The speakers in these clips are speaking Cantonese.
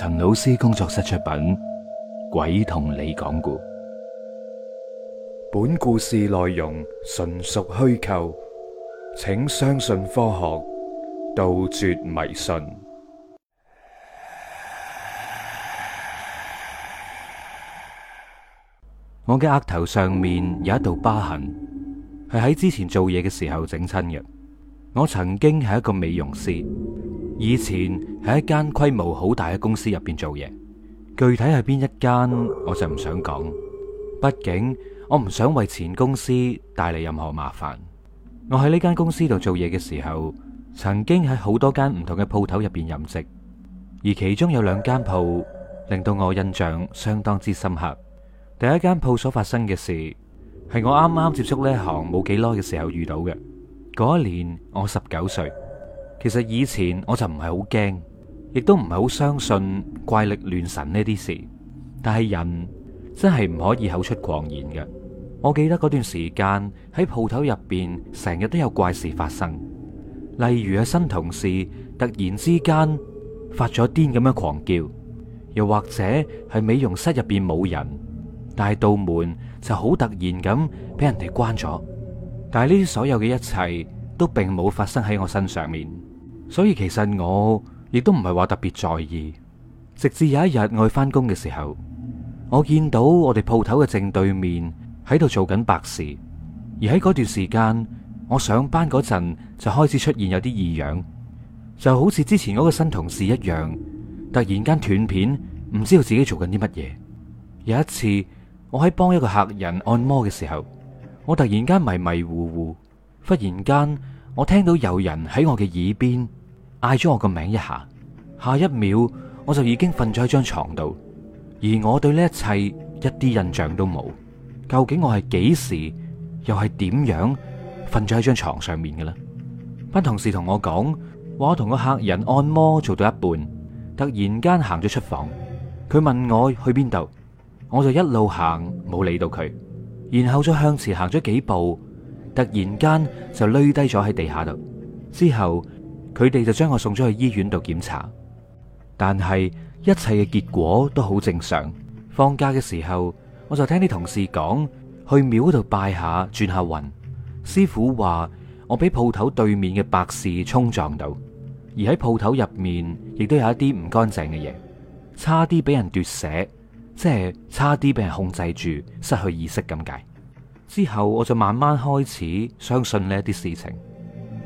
陳老師工作室出品《鬼同你講古》，本故事內容純屬虛構，請相信科學，杜絕迷信。我嘅額頭上面有一道疤痕，係喺之前做嘢嘅時候整親嘅。我曾經係一個美容師。以前喺一間規模好大嘅公司入邊做嘢，具體係邊一間我就唔想講，畢竟我唔想為前公司帶嚟任何麻煩。我喺呢間公司度做嘢嘅時候，曾經喺好多間唔同嘅鋪頭入邊任職，而其中有兩間鋪令到我印象相當之深刻。第一間鋪所發生嘅事，係我啱啱接觸呢一行冇幾耐嘅時候遇到嘅。嗰一年我十九歲。其實以前我就唔係好驚，亦都唔係好相信怪力亂神呢啲事。但係人真係唔可以口出狂言嘅。我記得嗰段時間喺鋪頭入邊，成日都有怪事發生，例如係新同事突然之間發咗癲咁樣狂叫，又或者係美容室入邊冇人，但係道門就好突然咁俾人哋關咗。但係呢啲所有嘅一切都並冇發生喺我身上面。所以其實我亦都唔係話特別在意，直至有一日我去翻工嘅時候，我見到我哋鋪頭嘅正對面喺度做緊白事，而喺嗰段時間，我上班嗰陣就開始出現有啲異樣，就好似之前嗰個新同事一樣，突然間斷片，唔知道自己做緊啲乜嘢。有一次我喺幫一個客人按摩嘅時候，我突然間迷迷糊糊，忽然間我聽到有人喺我嘅耳邊。嗌咗我個名一下，下一秒我就已經瞓咗喺張床度，而我對呢一切一啲印象都冇。究竟我係幾時又係點樣瞓咗喺張床上面嘅呢？班同事同我講話，我同個客人按摩做到一半，突然間行咗出房，佢問我去邊度，我就一路行冇理到佢，然後再向前行咗幾步，突然間就累低咗喺地下度，之後。佢哋就將我送咗去醫院度檢查，但係一切嘅結果都好正常。放假嘅時候，我就聽啲同事講去廟度拜下、轉下運。師傅話我俾鋪頭對面嘅白事衝撞到，而喺鋪頭入面亦都有一啲唔乾淨嘅嘢，差啲俾人奪舍，即係差啲俾人控制住，失去意識咁解。之後我就慢慢開始相信呢啲事情。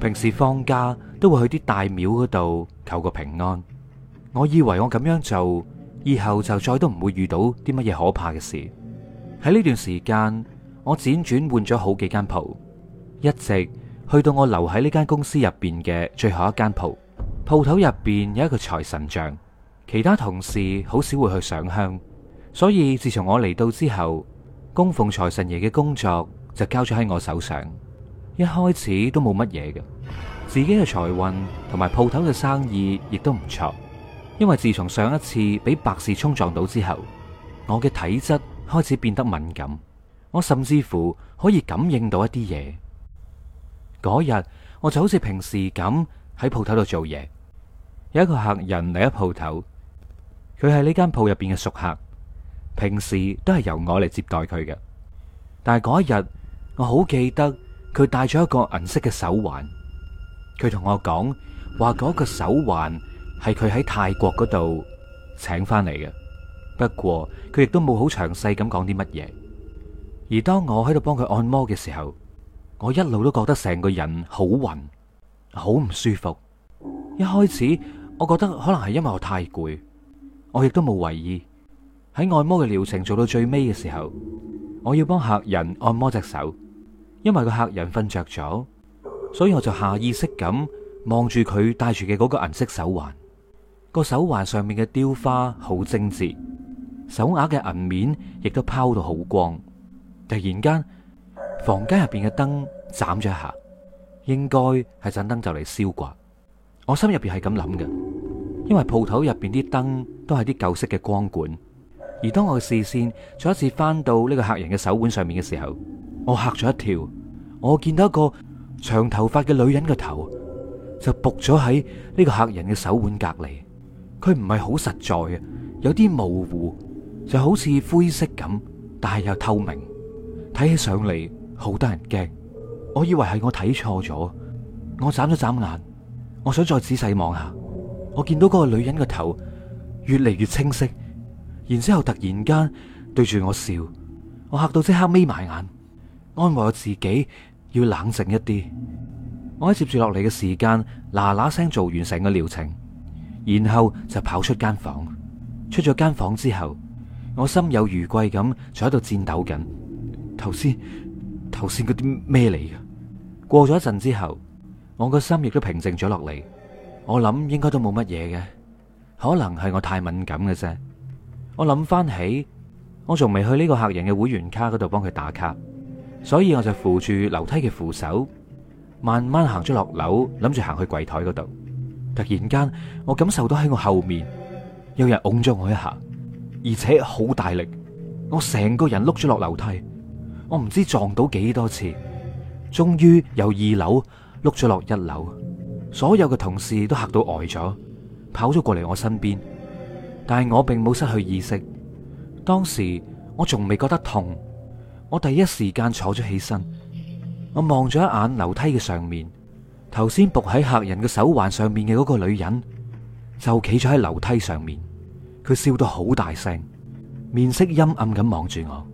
平時放假。都會去啲大廟嗰度求個平安。我以為我咁樣做，以後就再都唔會遇到啲乜嘢可怕嘅事。喺呢段時間，我輾轉換咗好幾間鋪，一直去到我留喺呢間公司入邊嘅最後一間鋪。鋪頭入邊有一個財神像，其他同事好少會去上香，所以自從我嚟到之後，供奉財神爺嘅工作就交咗喺我手上。一開始都冇乜嘢嘅。自己嘅財運同埋鋪頭嘅生意亦都唔錯，因為自從上一次俾白事沖撞到之後，我嘅體質開始變得敏感，我甚至乎可以感應到一啲嘢。嗰日我就好似平時咁喺鋪頭度做嘢，有一個客人嚟咗鋪頭佢係呢間鋪入邊嘅熟客，平時都係由我嚟接待佢嘅。但係嗰一日，我好記得佢戴咗一個銀色嘅手環。佢同我講話嗰個手環係佢喺泰國嗰度請翻嚟嘅，不過佢亦都冇好詳細咁講啲乜嘢。而當我喺度幫佢按摩嘅時候，我一路都覺得成個人好暈，好唔舒服。一開始我覺得可能係因為我太攰，我亦都冇為意。喺按摩嘅療程做到最尾嘅時候，我要幫客人按摩隻手，因為個客人瞓着咗。所以我就下意識咁望住佢戴住嘅嗰個銀色手環，個手環上面嘅雕花好精緻，手鐲嘅銀面亦都拋到好光。突然間，房間入邊嘅燈斬咗一下，應該係盞燈就嚟燒啩。我心入邊係咁諗嘅，因為鋪頭入邊啲燈都係啲舊式嘅光管。而當我嘅視線再一次翻到呢個客人嘅手腕上面嘅時候，我嚇咗一跳，我見到一個，長頭髮嘅女人嘅頭就仆咗喺呢個客人嘅手腕隔籬，佢唔係好實在嘅，有啲模糊，就好似灰色咁，但係又透明，睇起上嚟好得人驚。我以為係我睇錯咗，我眨咗眨眼，我想再仔細望下，我見到嗰個女人嘅頭越嚟越清晰，然之後突然間對住我笑，我嚇到即刻眯埋眼，安慰我自己。要冷靜一啲，我喺接住落嚟嘅時間嗱嗱聲做完成個療程，然後就跑出間房。出咗間房之後，我心有餘悸咁，就喺度顫抖緊。頭先頭先嗰啲咩嚟噶？過咗一陣之後，我個心亦都平靜咗落嚟。我諗應該都冇乜嘢嘅，可能係我太敏感嘅啫。我諗翻起，我仲未去呢個客人嘅會員卡嗰度幫佢打卡。所以我就扶住樓梯嘅扶手，慢慢行咗落樓，諗住行去櫃台嗰度。突然間，我感受到喺我後面有人拱咗我一下，而且好大力。我成個人碌咗落樓梯，我唔知撞到幾多次，終於由二樓碌咗落一樓。所有嘅同事都吓到呆咗，跑咗過嚟我身邊。但係我並冇失去意識，當時我仲未覺得痛。我第一時間坐咗起身，我望咗一眼樓梯嘅上面，頭先仆喺客人嘅手環上面嘅嗰個女人就企咗喺樓梯上面，佢笑到好大聲，面色陰暗咁望住我。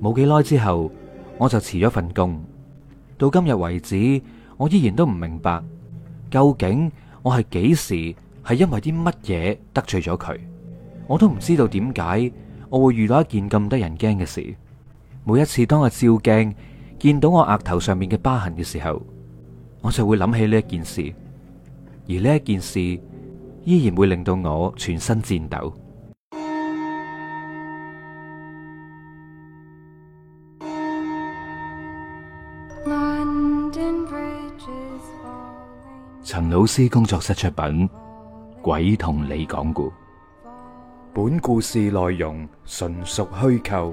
冇幾耐之後，我就辭咗份工。到今日為止，我依然都唔明白究竟我係幾時係因為啲乜嘢得罪咗佢，我都唔知道點解我會遇到一件咁得人驚嘅事。每一次當我照鏡見到我額頭上面嘅疤痕嘅時候，我就會諗起呢一件事，而呢一件事依然會令到我全身顫抖。陳老師工作室出品，《鬼同你講故》，本故事內容純屬虛構。